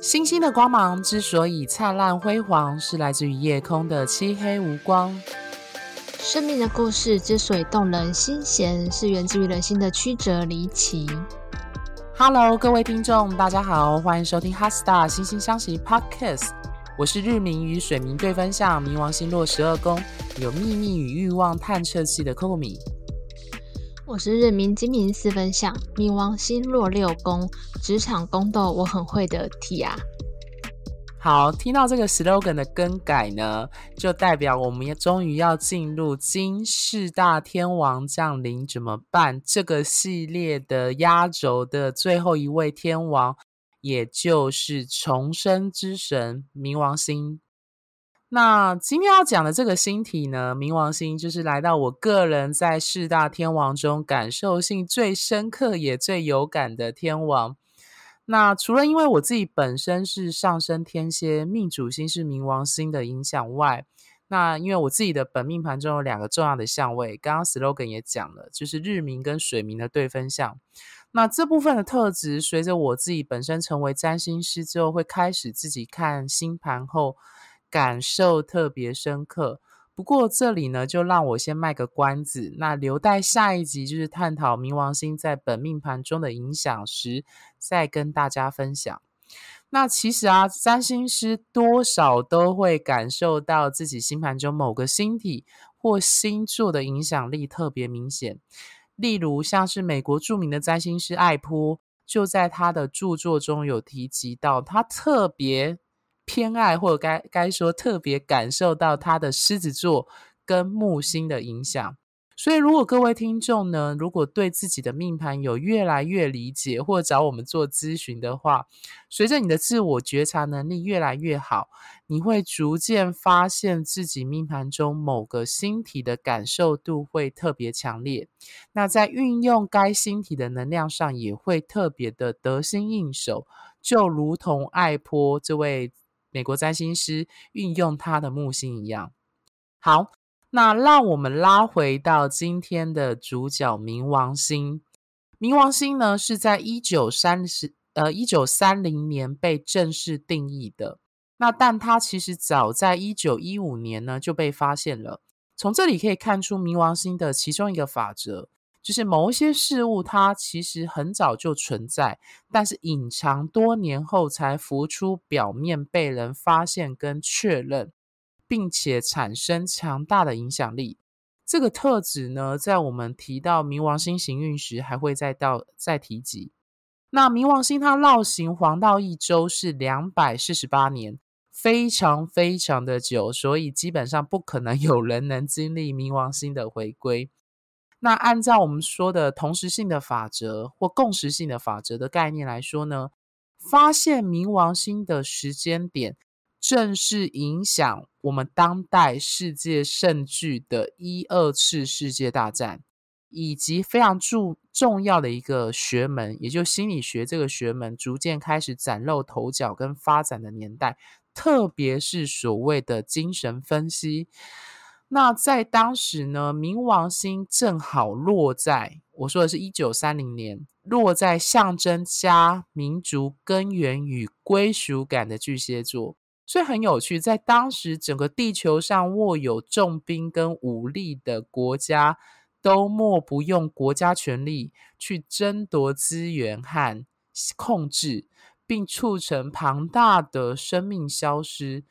星星的光芒之所以燦爛輝煌，是來自於夜空的漆黑無光。生命的故事之所以動人心弦，是源自於人心的曲折離奇。Hello，各位聽眾，大家好，歡迎收聽《HeartStar 心星相惜》Podcast，我是日冥與水冥對分相，冥王星落十二宮有秘密與慾望探測器的庫米。我是日冥金冥四分相，冥王星落六宮，職場宮鬥我很會的題啊。好，聽到這個 slogan 的更改呢，就代表我們也終於要進入驚！四大天王降臨怎麼辦這個系列的壓軸的最後一位天王，也就是重生之神冥王星。那今天要講的這個星體呢，冥王星就是來到我個人在四大天王中感受性最深刻也最有感的天王。那除了因為我自己本身是上升天蠍，命主星是冥王星的影響外，那因為我自己的本命盤中有兩個重要的相位，剛剛 slogan 也講了，就是日冥跟水冥的對分相。那這部分的特質，隨着我自己本身成為占星師之後，會開始自己看星盤後，感受特別深刻，不過這裡呢，就讓我先賣個關子，那留待下一集就是探討冥王星在本命盤中的影響時再跟大家分享。那其實啊，占星師多少都會感受到自己星盤中某個星體或星座的影響力特別明顯，例如像是美國著名的占星師艾坡，就在他的著作中有提及到，他特別。偏愛或，或者該該說特別感受到他的獅子座跟木星的影響。所以，如果各位聽眾呢，如果對自己的命盤有越來越理解，或找我們做諮詢的話，隨着你的自我覺察能力越來越好，你會逐漸發現自己命盤中某個星體的感受度會特別強烈，那在運用該星體的能量上也會特別的得心應手，就如同愛潑這位。美國占星師運用他的木星一樣。好，那讓我們拉回到今天的主角冥王星。冥王星呢，是在一九三十，呃，一九三零年被正式定義的，那但它其實早在一九一五年呢，就被發現了。從這裡可以看出冥王星的其中一個法則。就是某一些事物，它其實很早就存在，但是隱藏多年後才浮出表面被人發現跟確認，並且產生強大的影響力。這個特質呢，在我們提到冥王星行運時還會再到再提及。那冥王星它繞行黃道一週是兩百四十八年，非常非常的久，所以基本上不可能有人能經歷冥王星的回歸。那按照我們說的同時性的法則或共時性的法則的概念來說呢，發現冥王星的時間點，正是影響我們當代世界甚鉅的一二次世界大戰，以及非常重重要的一個學門，也就是心理學這個學門逐漸開始嶄露頭角跟發展的年代，特別是所謂的精神分析。那在當時呢，冥王星正好落在，我說的是一九三零年，落在象徵家、民族根源與歸屬感的巨蟹座，所以很有趣。在當時，整個地球上握有重兵跟武力的國家，都莫不用國家權力去爭奪資源和控制，並促成龐大的生命消失。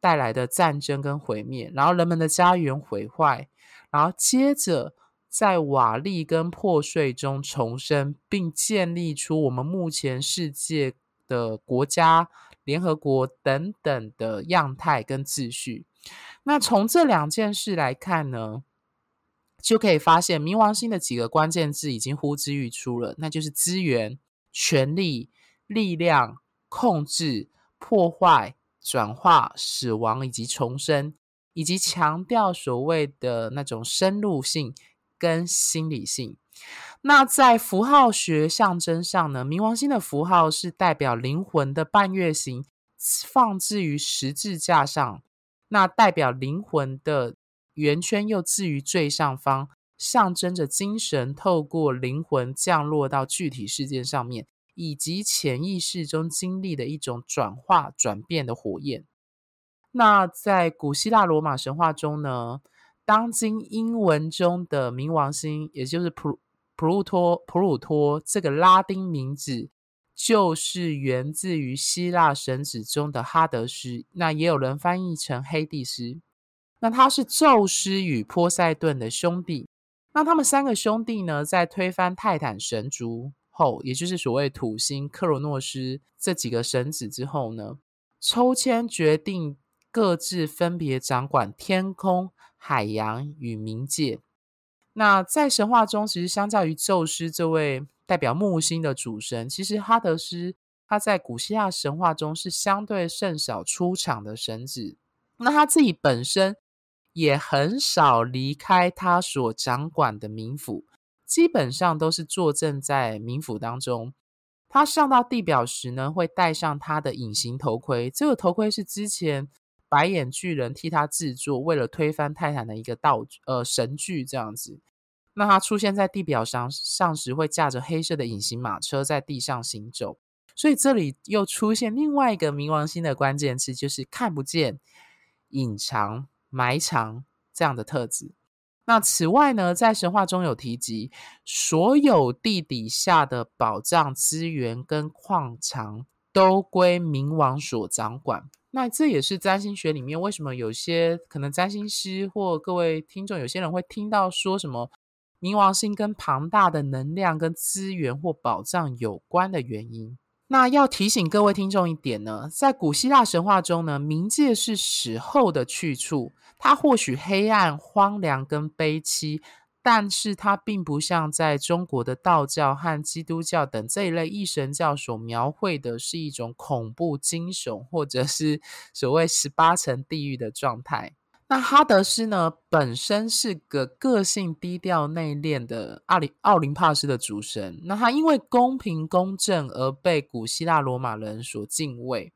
帶來的戰爭跟毀滅，然後人們的家園毀壞，然後接着在瓦礫跟破碎中重生，並建立出我們目前世界的國家、聯合國等等的樣態跟秩序。那從這兩件事來看呢，就可以發現冥王星的幾個關鍵字已經呼之欲出了，那就是資源、權力、力量、控制、破壞。轉化、死亡以及重生，以及強調所謂的那種深入性跟心理性。那在符號學象徵上呢，冥王星的符號是代表靈魂的半月形，放置於十字架上，那代表靈魂的圓圈又置於最上方，象徵着精神透過靈魂降落到具體事件上面，以及潛意識中經歷的一種轉化、轉變的火焰。那在古希臘羅馬神話中呢，當今英文中的冥王星，也就是普普魯托、普魯托這個拉丁名字，就是源自於希臘神祇中的哈德斯。那也有人翻譯成黑帝斯。那他是宙斯與波塞頓的兄弟。那他們三個兄弟呢，在推翻泰坦神族。後，也就是所謂土星克羅諾斯這幾個神子之後呢，抽籤決定各自分別掌管天空、海洋與冥界。那在神話中，其實相較於宙斯這位代表木星的主神，其實哈德斯他在古希臘神話中是相對甚少出場的神子。那他自己本身也很少離開他所掌管的冥府。基本上都是坐鎮在冥府當中。他上到地表時呢，會戴上他的隱形頭盔。這個頭盔是之前白眼巨人替他制作，為了推翻泰坦的一個道具，呃，神具這樣子。那他出現在地表上上時，會駕着黑色的隱形馬車在地上行走。所以這裡又出現另外一個冥王星的關鍵詞，就是看不見、隱藏、埋藏這樣的特質。那此外呢，在神話中有提及，所有地底下的寶藏資源跟礦藏都歸冥王所掌管。那這也是占星學裡面為什麼有些可能占星師或各位聽眾有些人會聽到說什麼冥王星跟龐大的能量跟資源或寶藏有關的原因。那要提醒各位聽眾一點呢，在古希臘神話中呢，冥界是死後的去處，它或許黑暗、荒涼跟悲悽，但是它並不像在中國的道教和基督教等這一類一神教所描繪的，是一種恐怖驚悚或者是所謂十八層地獄的狀態。那哈德斯呢，本身是個個性低調內斂的奧林奧林帕斯的主神。那他因為公平公正而被古希臘羅馬人所敬畏。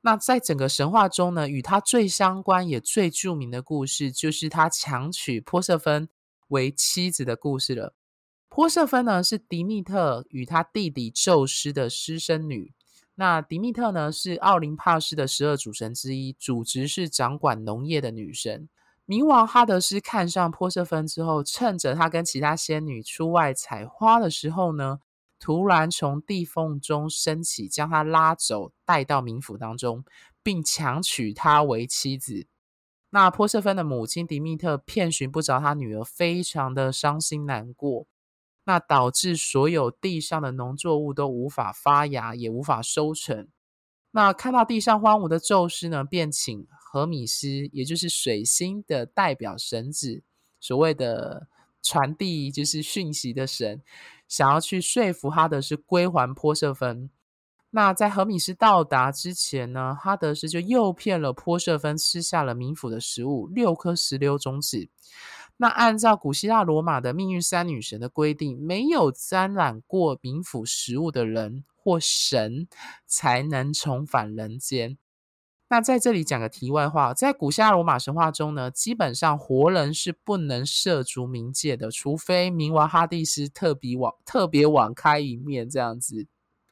那在整個神話中呢，與他最相關也最著名的故事，就是他強娶波瑟芬為妻子的故事了。波瑟芬呢，是迪密特與他弟弟宙斯的私生女。那狄密特呢，是奧林帕斯的十二主神之一，主職是掌管農業的女神。冥王哈德斯看上波瑟芬之後，趁着他跟其他仙女出外採花的時候呢，突然從地縫中升起，將她拉走，帶到冥府當中，並強娶她為妻子。那波瑟芬的母親狄密特，遍尋不着她女兒，非常的傷心難過。那導致所有地上的農作物都無法發芽，也無法收成。那看到地上荒蕪的宙斯呢，便請荷米斯，也就是水星的代表神子，所謂的傳遞就是訊息的神，想要去說服哈德斯歸還波瑟芬。那在荷米斯到達之前呢，哈德斯就誘騙了波瑟芬吃下了冥府的食物——六顆石榴種子。那按照古希臘羅馬的命運三女神的規定，沒有沾染過冥府食物的人或神，才能重返人間。那在這裡講個題外話，在古希臘羅馬神話中呢，基本上活人是不能涉足冥界的，除非冥王哈迪斯特別網，特別網開一面這樣子。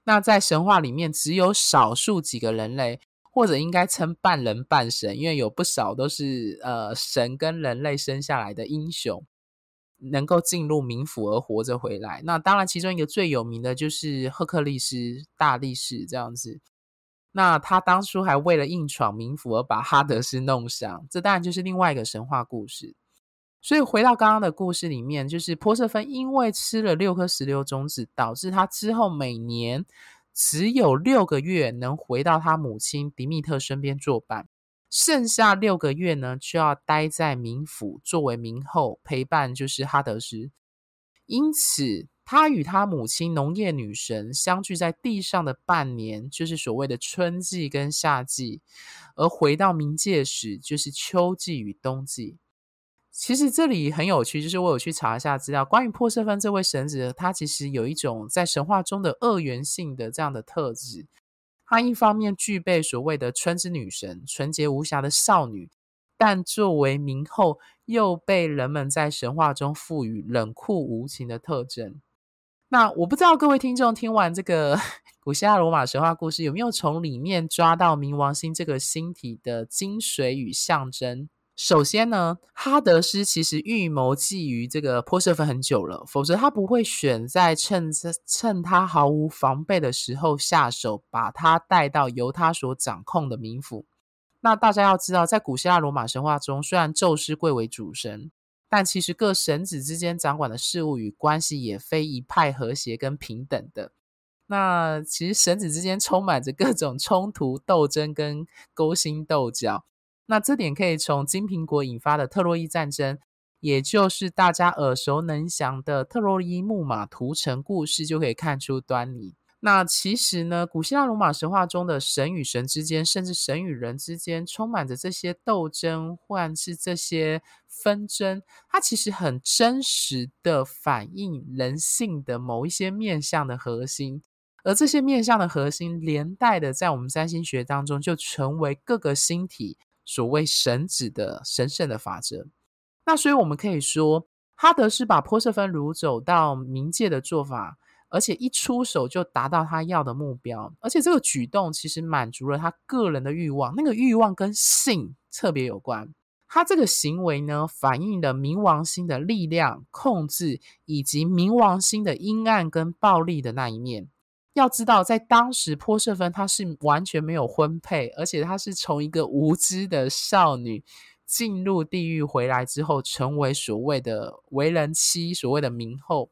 那在神話裡面，只有少數幾個人類。或者應該稱半人半神，因為有不少都是呃神跟人類生下來的英雄，能夠進入冥府而活着回來。那當然，其中一個最有名的就是赫克力斯、大力士這樣子。那他當初還為了硬闖冥府而把哈德斯弄傷，這當然就是另外一個神話故事。所以回到剛剛的故事裡面，就是波瑟芬因為吃了六顆石榴種子，導致他之後每年。只有六個月能回到他母親狄米特身邊作伴，剩下六個月呢就要待在冥府作為冥後陪伴，就是哈德斯。因此，他與他母親農業女神相聚在地上的半年，就是所謂的春季跟夏季；而回到冥界時，就是秋季與冬季。其實這裡很有趣，就是我有去查一下資料，關於波瑟芬這位神子，她其實有一種在神話中的二元性的這樣的特質。她一方面具備所謂的春之女神、純潔無瑕的少女，但作為冥後，又被人們在神話中賦予冷酷無情的特徵。那我不知道各位聽眾聽完這個古希臘羅馬神話故事，有沒有從裡面抓到冥王星這個星體的精髓與象徵？首先呢，哈德斯其實預謀覬覦這個波瑟芬很久了，否則他不會選在趁趁他毫無防備的時候下手，把他帶到由他所掌控的冥府。那大家要知道，在古希臘羅馬神話中，雖然宙斯貴為主神，但其實各神子之間掌管的事物與關係也非一派和諧跟平等的。那其實神子之間充滿着各種衝突、鬥爭跟勾心鬥角。那這點可以從金蘋果引發的特洛伊戰爭，也就是大家耳熟能詳的特洛伊木馬屠城故事，就可以看出端倪。那其實呢，古希臘羅馬神話中的神與神之間，甚至神與人之間，充滿着這些鬥爭，或者是這些紛爭，它其實很真實的反映人性的某一些面向的核心。而這些面向的核心，連帶的在我們占星學當中，就成為各個星體。所謂神子的神聖的法則，那所以我們可以說，哈德斯把波瑟芬擄走到冥界的做法，而且一出手就達到他要的目標，而且這個舉動其實滿足了他個人的慾望，那個慾望跟性特別有關。他這個行為呢，反映了冥王星的力量、控制以及冥王星的陰暗跟暴力的那一面。要知道，在當時，波瑟芬她是完全沒有婚配，而且她是從一個無知的少女進入地獄回來之後，成為所謂的為人妻、所謂的冥後。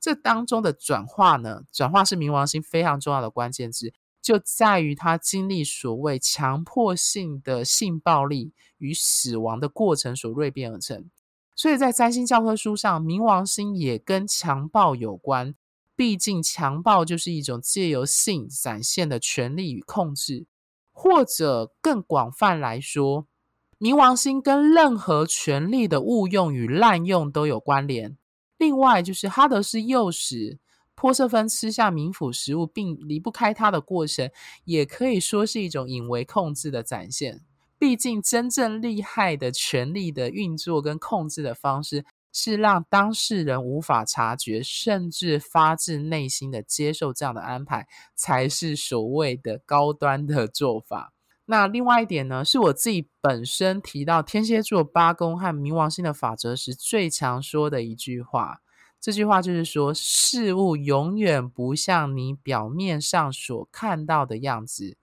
這當中的轉化呢？轉化是冥王星非常重要的關鍵字，就在於他經歷所謂強迫性的性暴力與死亡的過程所蛻變而成。所以在占星教科書上，冥王星也跟強暴有關。畢竟，強暴就是一種借由性展現的權力與控制，或者更廣泛來說，冥王星跟任何權力的誤用與濫用都有關聯。另外，就是哈德斯誘使珀瑟芬吃下冥府食物並離不開他的過程，也可以說是一種隱微控制的展現。畢竟，真正厲害的權力的運作跟控制的方式。是讓當事人無法察覺，甚至發自內心的接受這樣的安排，才是所謂的高端的做法。那另外一點呢，是我自己本身提到天蠍座八宮和冥王星的法則時最常說的一句話。這句話就是說，事物永遠不像你表面上所看到的樣子。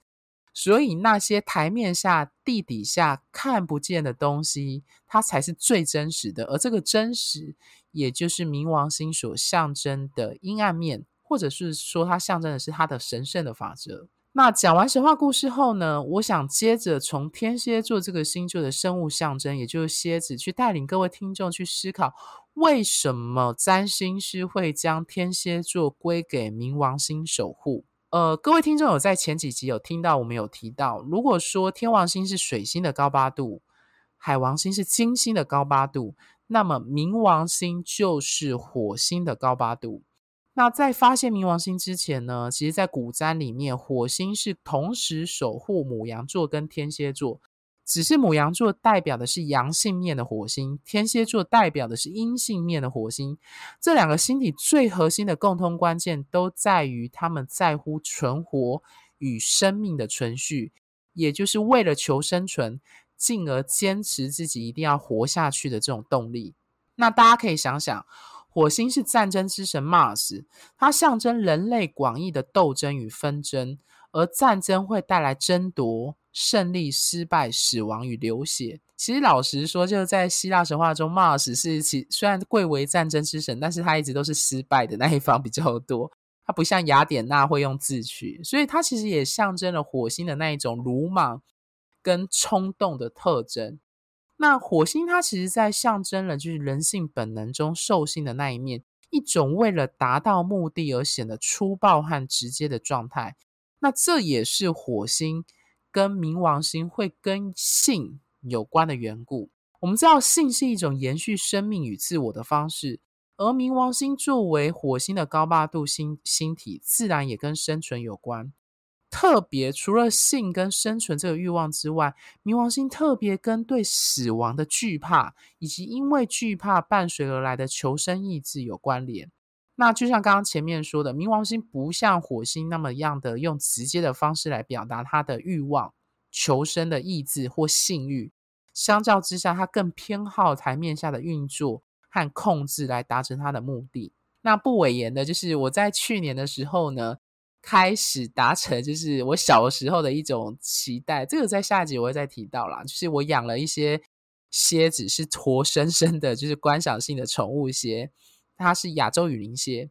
所以那些檯面下、地底下看不見的東西，它才是最真實的。而這個真實，也就是冥王星所象徵的陰暗面，或者是說它象徵的是它的神聖的法則。那講完神話故事後呢，我想接着從天蠍座這個星座的生物象徵，也就是蠍子，去帶領各位聽眾去思考，為什麼占星師會將天蠍座歸給冥王星守護。呃，各位聽眾有在前幾集有聽到我們有提到，如果說天王星是水星的高八度，海王星是金星的高八度，那麼冥王星就是火星的高八度。那在發現冥王星之前呢，其實在古占裡面，火星是同時守護牡羊座跟天蠍座。只是牡羊座代表的是陽性面的火星，天蠍座代表的是陰性面的火星。這兩個星體最核心的共通關鍵都在於他們在乎存活與生命的存續，也就是為了求生存，進而堅持自己一定要活下去的這種動力。那大家可以想想，火星是戰爭之神 Mars，它象徵人類廣義的鬥爭與紛爭，而戰爭會帶來爭奪。勝利、失敗、死亡與流血。其實老實說，就是在希臘神話中，Mars 是其雖然貴為戰爭之神，但是他一直都是失敗的那一方比較多。他不像雅典娜會用智取，所以它其實也象徵了火星的那一種魯莽跟衝動的特徵。那火星它其實在象徵了就是人性本能中獸性的那一面，一種為了達到目的而顯得粗暴和直接的狀態。那這也是火星。跟冥王星會跟性有關的緣故，我們知道性是一種延續生命與自我的方式，而冥王星作為火星的高八度星星體，自然也跟生存有關。特別除了性跟生存這個慾望之外，冥王星特別跟對死亡的懼怕，以及因為懼怕伴隨而來的求生意志有關聯。那就像剛剛前面說的，冥王星不像火星那麼樣的用直接的方式來表達他的慾望、求生的意志或性慾。相較之下，他更偏好台面下的運作和控制來達成他的目的。那不諱言的就是，我在去年的時候呢，開始達成就是我小時候的一種期待。這個在下一集我會再提到啦，就是我養了一些蠍子，是活生生的，就是觀賞性的寵物蠍。它是亞洲雨林蠍。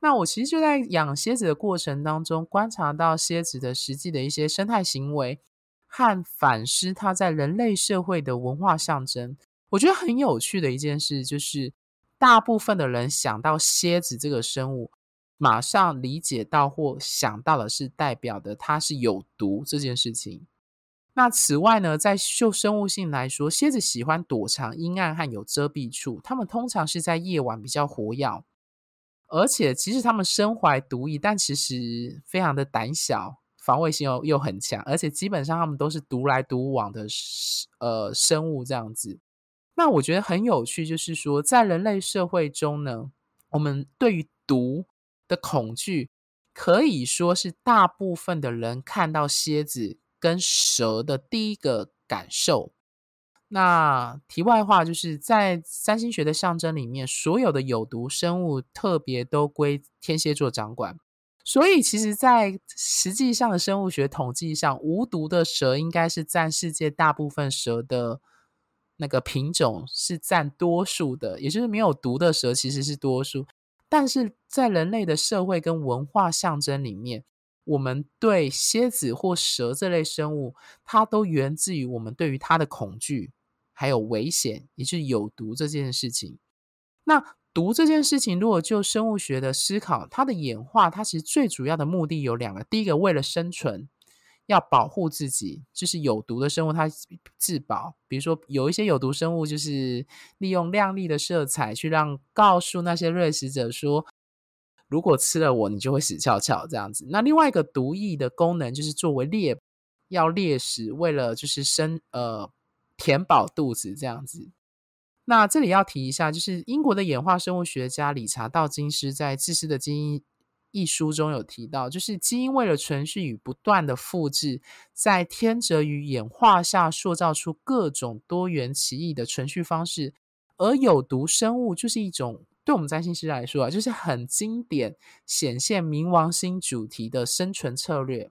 那我其實就在養蠍子的過程當中，觀察到蠍子的實際的一些生態行為，和反思它在人類社會的文化象徵。我覺得很有趣的一件事，就是大部分的人想到蠍子這個生物，馬上理解到或想到的是代表的它是有毒這件事情。那此外呢，在就生物性來說，蠍子喜歡躲藏陰暗和有遮蔽處，它們通常是在夜晚比較活躍，而且其實它們身懷毒液，但其實非常的膽小，防衛性又又很強，而且基本上它們都是獨來獨往的呃生物這樣子。那我覺得很有趣，就是說在人類社會中呢，我們對於毒的恐懼可以說是大部分的人看到蠍子跟蛇的第一個感受。那題外話就是在三星學的象徵裡面，所有的有毒生物特別都歸天蠍座掌管。所以，其實，在實際上的生物學統計上，無毒的蛇應該是佔世界大部分蛇的那個品種是佔多數的，也就是沒有毒的蛇其實是多數。但是在人類的社會跟文化象徵裡面，我們對蠍子或蛇這類生物，它都源自於我們對於它的恐懼，還有危險，也就是有毒這件事情。那毒這件事情，如果就生物學的思考，它的演化，它其實最主要的目的有兩個：第一個，為了生存，要保護自己，就是有毒的生物它自保。比如說，有一些有毒生物，就是利用亮麗的色彩去讓告訴那些掠食者說，如果吃了我，你就會死翹翹這樣子。那另外一個毒液的功能就是作為獵，要獵食，為了就是生呃填飽肚子這樣子。那這裡要提一下，就是英國的演化生物學家理查道金斯在《自私的基因》一書中有提到，就是基因為了存續與不斷的複製，在天擇與演化下塑造出各種多元奇異的存續方式，而有毒生物就是一種。對我們占星師來說啊，就是很經典，顯現冥王星主題的生存策略。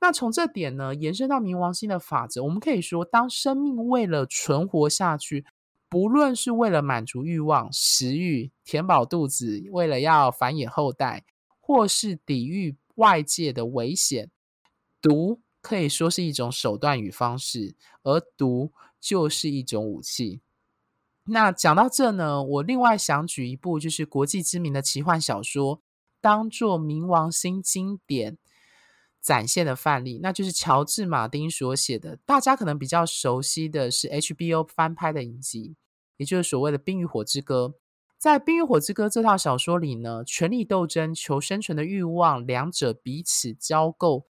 那從這點呢，延伸到冥王星的法則，我們可以說，當生命為了存活下去，不論是為了滿足慾望、食慾、填飽肚子，為了要繁衍後代，或是抵禦外界的危險，毒可以說是一種手段與方式，而毒就是一種武器。那講到這呢，我另外想舉一部就是國際知名的奇幻小說，當做冥王星經典展現的範例，那就是喬治·馬丁所寫的。大家可能比較熟悉的是 HBO 翻拍的影集，也就是所謂的《冰與火之歌》。在《冰與火之歌》這套小說裡呢，權力鬥爭、求生存的欲望，兩者彼此交構，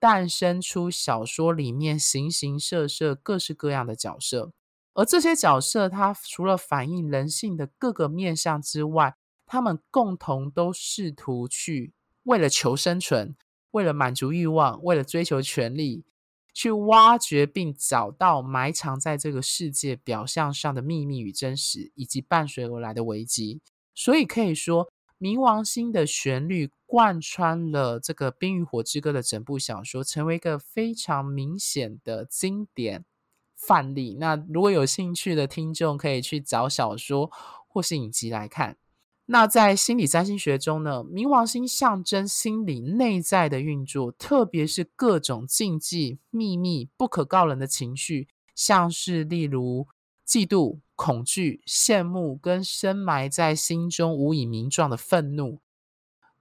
誕生出小說裡面形形色色、各式各樣的角色。而這些角色，他除了反映人性的各個面向之外，他們共同都試圖去為了求生存，為了滿足慾望，為了追求權力，去挖掘並找到埋藏在這個世界表象上的秘密與真實，以及伴隨而來的危機。所以可以說，冥王星的旋律貫穿了這個《冰與火之歌》的整部小說，成為一個非常明顯的經典。範例。那如果有興趣的聽眾，可以去找小說或是影集來看。那在心理占星學中呢，冥王星象徵心理內在的運作，特別是各種禁忌、秘密、不可告人的情緒，像是例如嫉妒、恐懼、羨慕，跟深埋在心中無以名狀的憤怒。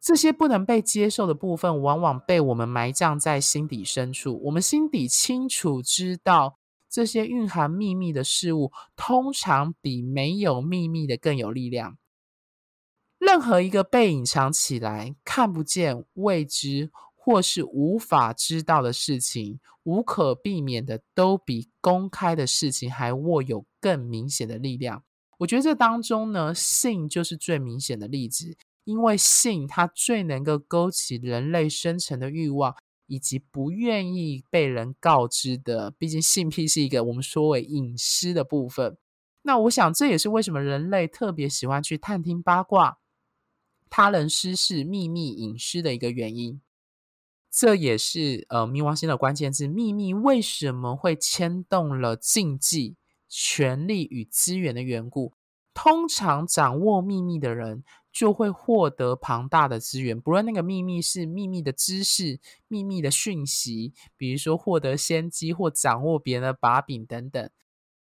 這些不能被接受的部分，往往被我們埋葬在心底深處。我們心底清楚知道。這些蘊含秘密的事物，通常比沒有秘密的更有力量。任何一個被隱藏起來、看不見、未知或是無法知道的事情，無可避免的都比公開的事情還握有更明顯的力量。我覺得這當中呢，性就是最明顯的例子，因為性它最能夠勾起人類生存的欲望。以及不願意被人告知的，畢竟性癖是一個我們所謂隱私的部分。那我想，這也是為什麼人類特別喜歡去探聽八卦、他人私事、秘密隱私的一個原因。這也是呃，冥王星的關鍵字，秘密為什麼會牽動了禁忌、權力與資源的緣故。通常掌握秘密的人，就會獲得龐大的資源，不論那個秘密是秘密的知識、秘密的訊息，比如說獲得先機或掌握別人的把柄等等，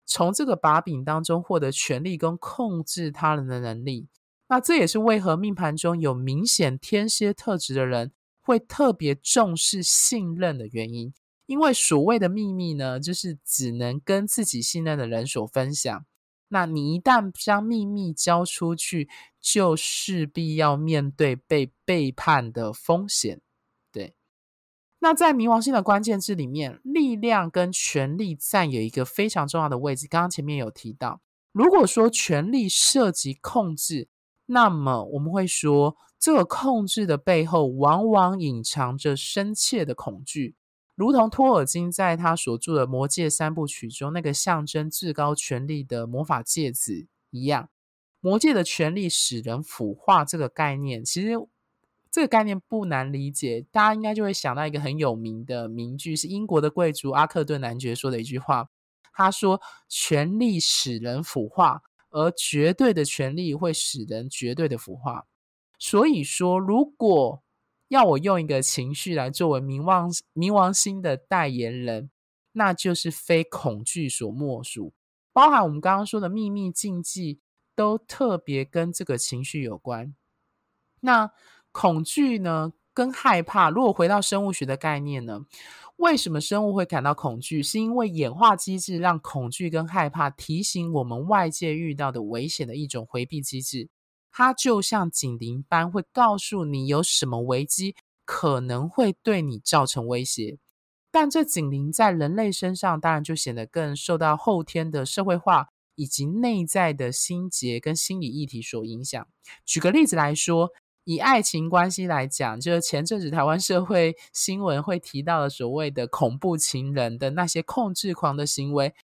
從這個把柄當中獲得權力跟控制他人的能力。那這也是為何命盤中有明顯天蠍特質的人會特別重視信任的原因，因為所謂的秘密呢，就是只能跟自己信任的人所分享。那你一旦將秘密交出去，就勢必要面對被背叛的風險。對，那在冥王星的關鍵字裡面，力量跟權力佔有一個非常重要的位置。剛剛前面有提到，如果說權力涉及控制，那麼我們會說，這個控制的背後往往隱藏着深切的恐懼。如同托爾金在他所著的《魔戒》三部曲中那個象徵至高權力的魔法戒指一樣，《魔戒》的權力使人腐化這個概念，其實這個概念不難理解，大家應該就會想到一個很有名的名句，是英國的貴族阿克頓男爵說的一句話，他說：“權力使人腐化，而絕對的權力會使人絕對的腐化。”所以說，如果要我用一個情緒來作為冥王冥王星的代言人，那就是非恐懼所莫屬。包含我們剛剛說的秘密禁忌，都特別跟這個情緒有關。那恐懼呢，跟害怕。如果回到生物學的概念呢，為什麼生物會感到恐懼？是因為演化機制讓恐懼跟害怕提醒我們外界遇到的危險的一種迴避機制。它就像警鈴般會告訴你有什麼危機可能會對你造成威脅，但這警鈴在人類身上當然就顯得更受到後天的社會化以及內在的心結跟心理議題所影響。舉個例子來說，以愛情關係來講，就是前陣子台灣社會新聞會提到的所謂的恐怖情人的那些控制狂的行為，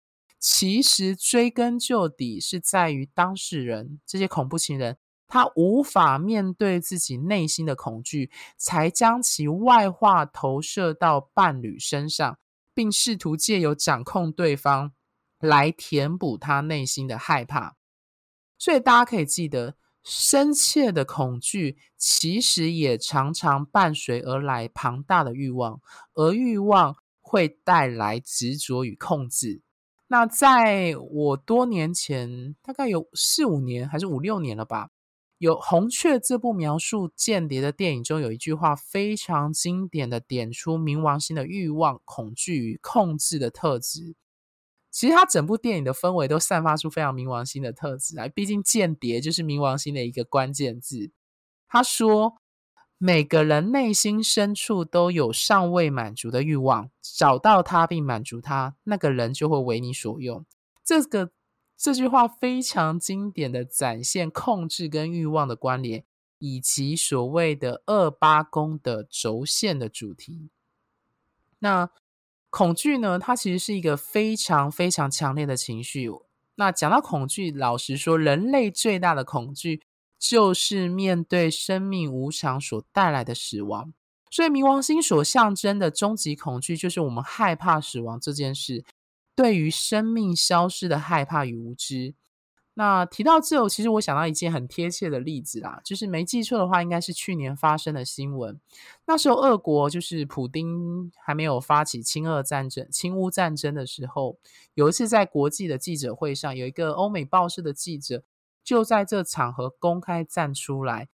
其實追根究底是在於當事人，這些恐怖情人。他無法面對自己內心的恐懼，才將其外化投射到伴侶身上，並試圖借由掌控對方來填補他內心的害怕。所以大家可以記得，深切的恐懼其實也常常伴隨而來龐大的慾望，而慾望會帶來執着與控制。那在我多年前，大概有四五年還是五六年了吧，有《紅雀》這部描述間諜的電影中有一句話非常經典的，點出冥王星的慾望、恐懼與控制的特質。其實他整部電影的氛圍都散發出非常冥王星的特質來，畢竟間諜就是冥王星的一個關鍵字。他說：“每個人內心深處都有尚未滿足的慾望，找到他並滿足他，那個人就會為你所用。”這個。這句話非常經典的展現控制跟慾望的關聯，以及所謂的二八宮的軸線的主題。那恐懼呢？它其實是一個非常非常強烈的情緒。那講到恐懼，老實說，人類最大的恐懼就是面對生命無常所帶來的死亡。所以，冥王星所象徵的終極恐懼，就是我們害怕死亡這件事。對於生命消失的害怕與無知。那提到這，其實我想到一件很貼切的例子啦，就是沒記錯的話，應該是去年發生的新聞。那時候俄國就是普丁還沒有發起侵俄戰爭、侵烏戰爭的時候，有一次在國際的記者會上，有一個歐美報社的記者就在這場合公開站出來，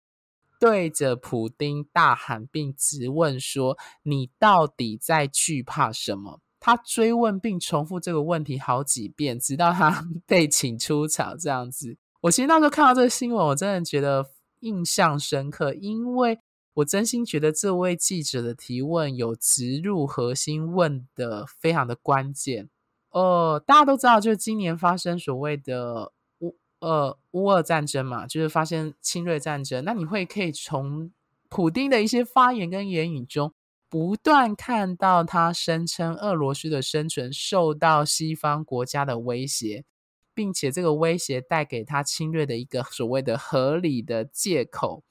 對着普丁大喊，並質問說：“你到底在懼怕什麼？”他追問並重複這個問題好幾遍，直到他被請出場。這樣子，我其實那時候看到這個新聞，我真的覺得印象深刻，因為我真心覺得這位記者的提問有植入核心，問的非常的關鍵。呃，大家都知道，就是今年發生所謂的呃烏呃烏俄戰爭嘛，就是發生侵略戰爭。那你會可以從普丁的一些發言跟言語中。不斷看到他聲稱俄羅斯的生存受到西方國家的威脅，並且這個威脅帶給他侵略的一個所謂的合理的借口。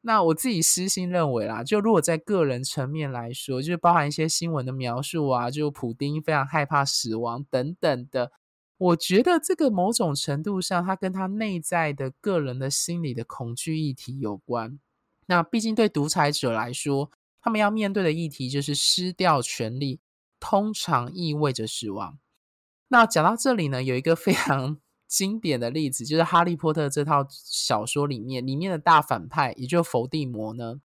那我自己私心認為啦，就如果在個人層面來說，就包含一些新聞的描述啊，就普丁非常害怕死亡等等的，我覺得這個某種程度上，他跟他內在的個人的心理的恐懼議題有關。那畢竟對獨裁者來說，他們要面對的議題就是失掉權力，通常意味着死亡。那講到這裡呢，有一個非常經典的例子，就是《哈利波特》這套小說裡面，裡面的大反派，也就是伏地魔呢，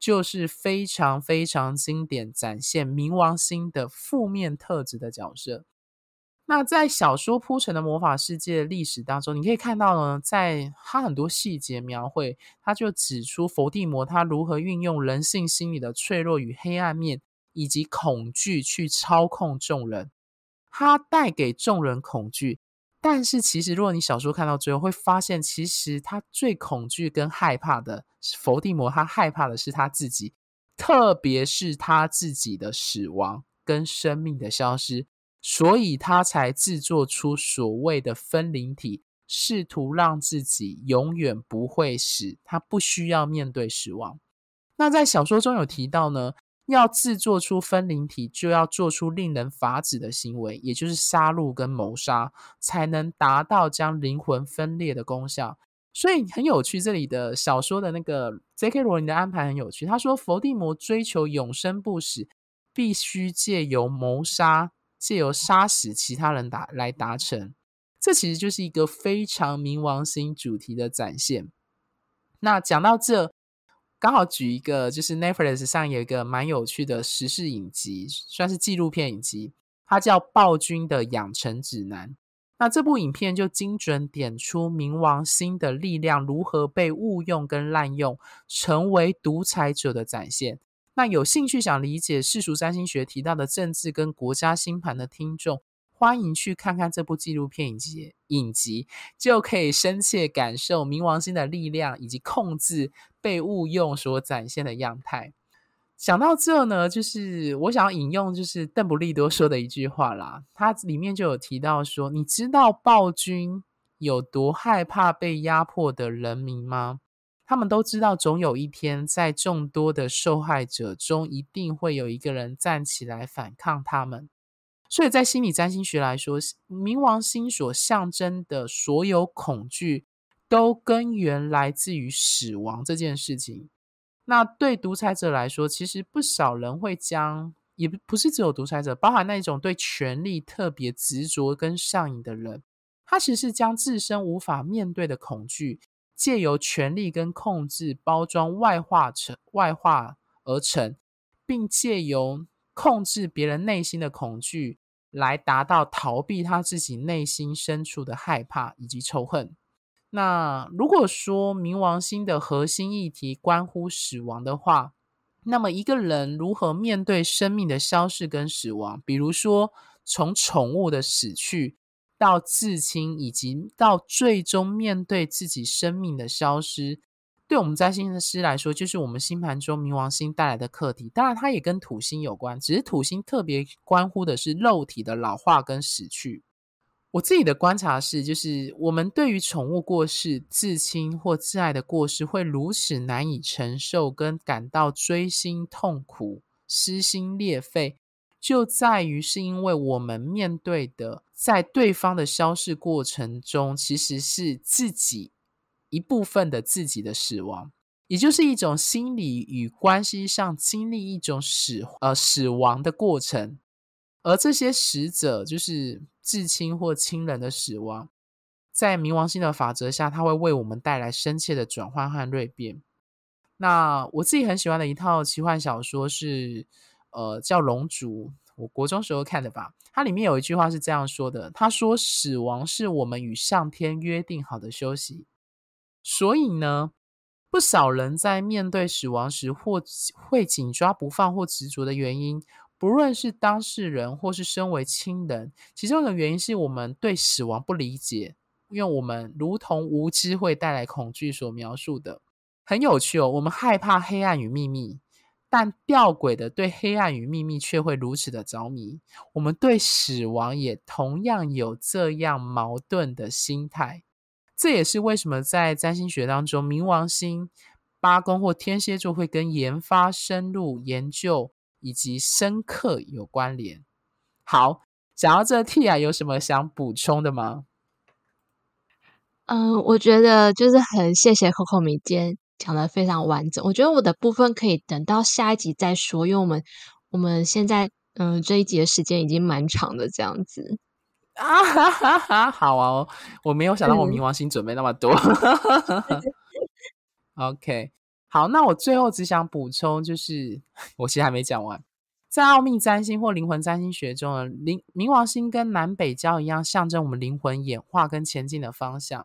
就是非常非常經典展現冥王星的負面特質的角色。那在小說鋪陳的魔法世界的歷史當中，你可以看到呢，在他很多細節描繪，他就指出佛地魔他如何運用人性心理的脆弱與黑暗面，以及恐懼去操控眾人。他帶給眾人恐懼，但是其實如果你小說看到最後，會發現其實他最恐懼跟害怕的，是佛地魔他害怕的是他自己，特別是他自己的死亡跟生命的消失。所以他才制作出所謂的分靈體，試圖讓自己永遠不會死，他不需要面對死亡。那在小說中有提到呢，要制作出分靈體，就要做出令人髮指的行為，也就是殺戮跟謀殺，才能達到將靈魂分裂的功效。所以很有趣，這裡的小說的那個 J.K. 羅琳的安排很有趣。他說，伏地魔追求永生不死，必須借由謀殺。借由殺死其他人達來達成，這其實就是一個非常冥王星主題的展現。那講到這，剛好舉一個，就是 Netflix 上有一個蠻有趣的時事影集，算是紀錄片影集，它叫《暴君的養成指南》。那這部影片就精準點出冥王星的力量如何被誤用跟濫用，成為獨裁者的展現。那有興趣想理解世俗占星學提到的政治跟國家星盤的聽眾，歡迎去看看這部紀錄片以及影集，就可以深切感受冥王星的力量以及控制被誤用所展現的樣態。想到這呢，就是我想引用就是鄧布利多說的一句話啦，他裡面就有提到說：“你知道暴君有多害怕被壓迫的人民嗎？”他們都知道，總有一天，在眾多的受害者中，一定會有一個人站起來反抗他們。所以在心理占星學來說，冥王星所象徵的所有恐懼，都根源來自於死亡這件事情。那對獨裁者來說，其實不少人會將，也不是只有獨裁者，包含那一種對權力特別執着跟上癮的人，他其實是將自身無法面對的恐懼。借由權力跟控制包裝外化成，外化而成，並借由控制別人內心的恐懼，來達到逃避他自己內心深處的害怕以及仇恨。那，如果說冥王星的核心議題關乎死亡的話，那麼一個人如何面對生命的消逝跟死亡？比如說，從寵物的死去。到至親，以及到最終面對自己生命的消失，對我們占星師來說，就是我們星盤中冥王星帶來的課題。當然，它也跟土星有關，只是土星特別關乎的是肉體的老化跟死去。我自己的觀察是，就是我們對於寵物過世、至親或至愛的過世，會如此難以承受，跟感到錐心痛苦、撕心裂肺，就在於是因為我們面對的。在對方的消逝過程中，其實是自己一部分的自己的死亡，也就是一種心理與關係上經歷一種死呃、死亡的過程。而這些死者就是至親或親人的死亡，在冥王星的法則下，它會為我們帶來深切的轉換和蛻變。那我自己很喜歡的一套奇幻小說是，呃，叫《龍族》。我國中時候看的吧，它裡面有一句話是這樣說的：“他說，死亡是我們與上天約定好的休息。”所以呢，不少人在面對死亡時，或會緊抓不放或執着的原因，不論是當事人或是身為親人，其中一個原因是我們對死亡不理解，因為我們如同無知會帶來恐懼所描述的。很有趣哦，我們害怕黑暗與祕密。但吊詭的，對黑暗與秘密卻會如此的着迷。我們對死亡也同樣有這樣矛盾的心態。這也是為什麼在占星學當中，冥王星八宮或天蠍座會跟研發、深入研究以及深刻有關聯。好，講到這題啊，有什麼想補充的嗎？嗯、呃，我覺得就是很謝謝 Coco 米間。講得非常完整，我覺得我的部分可以等到下一集再說，因為我們我們現在嗯這一集的時間已經蠻長的這樣子啊，哈哈好哦、啊，我沒有想到我冥王星準備那麼多、嗯、 ，OK，好，那我最後只想補充，就是我其實還沒講完，在奧秘占星或靈魂占星學中啊，冥王星跟南北交一樣，象徵我們靈魂演化跟前進的方向。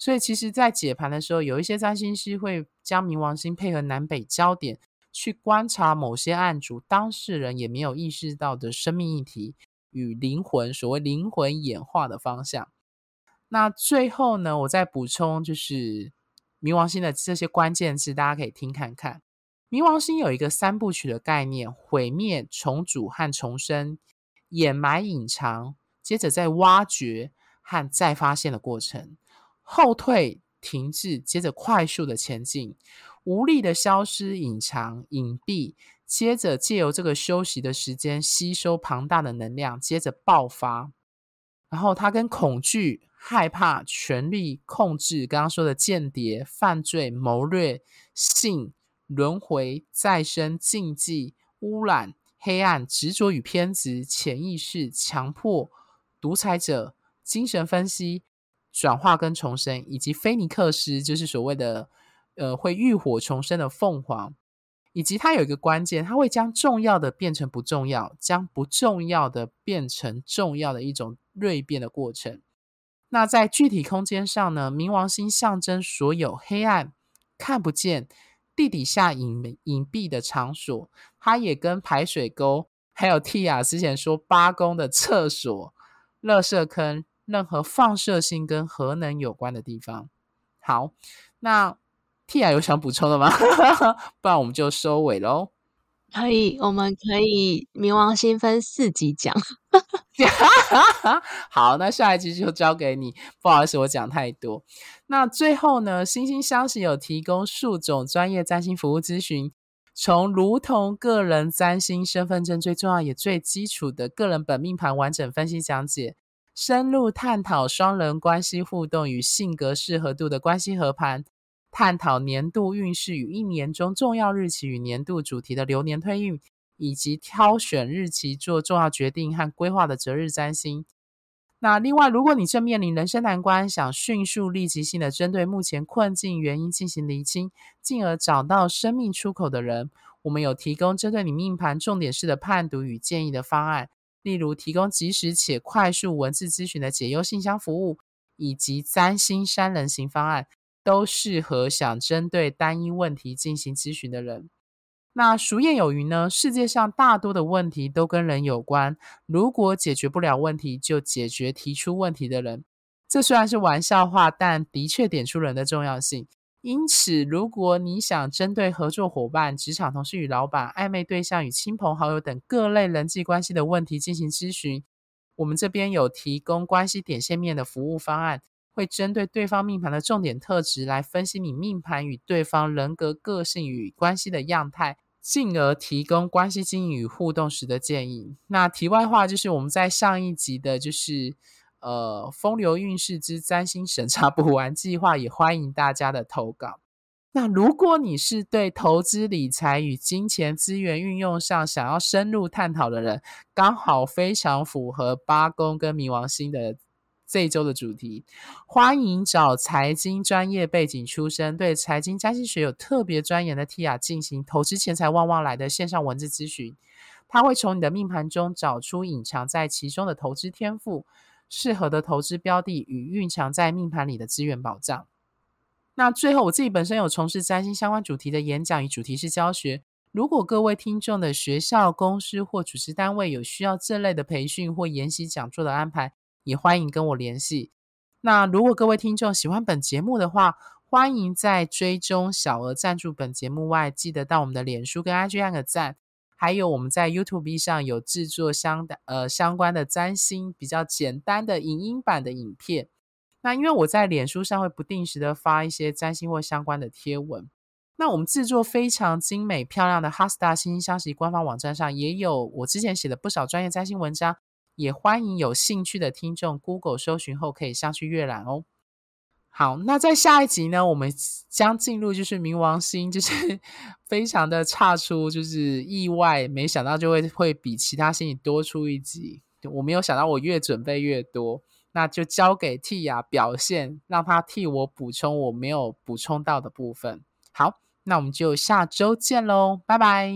所以，其實，在解盤的時候，有一些占星師會將冥王星配合南北焦點，去觀察某些案主當事人也沒有意識到的生命議題與靈魂，所謂靈魂演化的方向。那最後呢，我再補充，就是冥王星的這些關鍵字，大家可以聽看看。冥王星有一個三部曲的概念：毀滅、重組和重生；掩埋、隱藏，接着再挖掘和再發現的過程。後退、停滯，接着快速的前進，無力的消失、隱藏、隱蔽，接着借由這個休息的時間吸收龐大的能量，接着爆發。然後他跟恐懼、害怕、權力、控制，剛剛說的間諜、犯罪、謀略、性、輪回、再生、禁忌、污染、黑暗、執着與偏執、潛意識、強迫、獨裁者、精神分析。轉化跟重生，以及菲尼克斯就是所謂的，呃，會浴火重生的鳳凰，以及它有一個關鍵，它會將重要的變成不重要，將不重要的變成重要的一種蛻變的過程。那在具體空間上呢，冥王星象徵所有黑暗、看不見、地底下隱隱蔽的場所，它也跟排水溝，還有蒂亞之前說八宮的廁所、垃圾坑。任何放射性跟核能有關的地方。好，那 Tia 有想補充的嗎？ 不然我們就收尾嘍。可以，我們可以冥王星分四集講。 好，那下一集就交給你。不好意思，我講太多。那最後呢，心星相惜有提供數種專業占星服務諮詢，從如同個人占星身份證最重要也最基礎的個人本命盤完整分析講解。深入探討雙人關係互動與性格適合度的關係合盤，探討年度運勢與一年中重要日期與年度主題的流年推運，以及挑選日期做重要決定和規劃的擇日占星。那另外，如果你正面臨人生難關，想迅速立即性地針對目前困境原因進行釐清，進而找到生命出口的人，我們有提供針對你命盤重點式的判讀與建議的方案。例如，提供及時且快速文字諮詢的解憂信箱服務，以及占星三人行方案，都適合想針對單一問題進行諮詢的人。那俗諺有云呢，世界上大多的問題都跟人有關，如果解決不了問題，就解決提出問題的人。這雖然是玩笑話，但的確點出人的重要性。因此，如果你想針對合作夥伴、職場同事與老板、曖昧對象與親朋好友等各類人際關係的問題進行諮詢，我們這邊有提供關係點線面的服務方案，會針對對方命盤的重點特質來分析你命盤與對方人格、個性與關係的樣態，進而提供關係經營與互動時的建議。那題外話就是我們在上一集的，就是。呃，風流韻事之占星審查補完計劃，也歡迎大家的投稿。那如果你是對投資理財與金錢資源運用上想要深入探討的人，剛好非常符合八宮跟冥王星的這周的主題，歡迎找財經專業背景出身、對財經占星學有特別專研的 Tia 進行投資錢財旺旺來的線上文字諮詢。他會從你的命盤中找出隱藏在其中的投資天賦。適合的投資標的與蘊藏在命盤裡的資源保障。那最後，我自己本身有從事占星相關主題的演講與主題式教學。如果各位聽眾的學校、公司或主持單位有需要這類的培訓或研習講座的安排，也歡迎跟我聯繫。那如果各位聽眾喜歡本節目的話，歡迎在追蹤小額贊助本節目外，記得到我們的臉書跟 IG 按個讚。還有我們在 YouTube 上有製作相的，呃、相關的占星比較簡單的影音版的影片，那因為我在臉書上會不定時的發一些占星或相關的貼文，那我們製作非常精美漂亮的 HeartStar 心星相惜官方網站上也有我之前寫的不少專業占星文章，也歡迎有興趣的聽眾 Google 搜尋後可以上去閱覽哦。好，那在下一集呢，我們將進入就是冥王星，就是非常的差出，就是意外，沒想到就會會比其他星體多出一集。我沒有想到我越準備越多，那就交給蒂亞表現，讓他替我補充我沒有補充到的部分。好，那我們就下周見嘍，拜拜。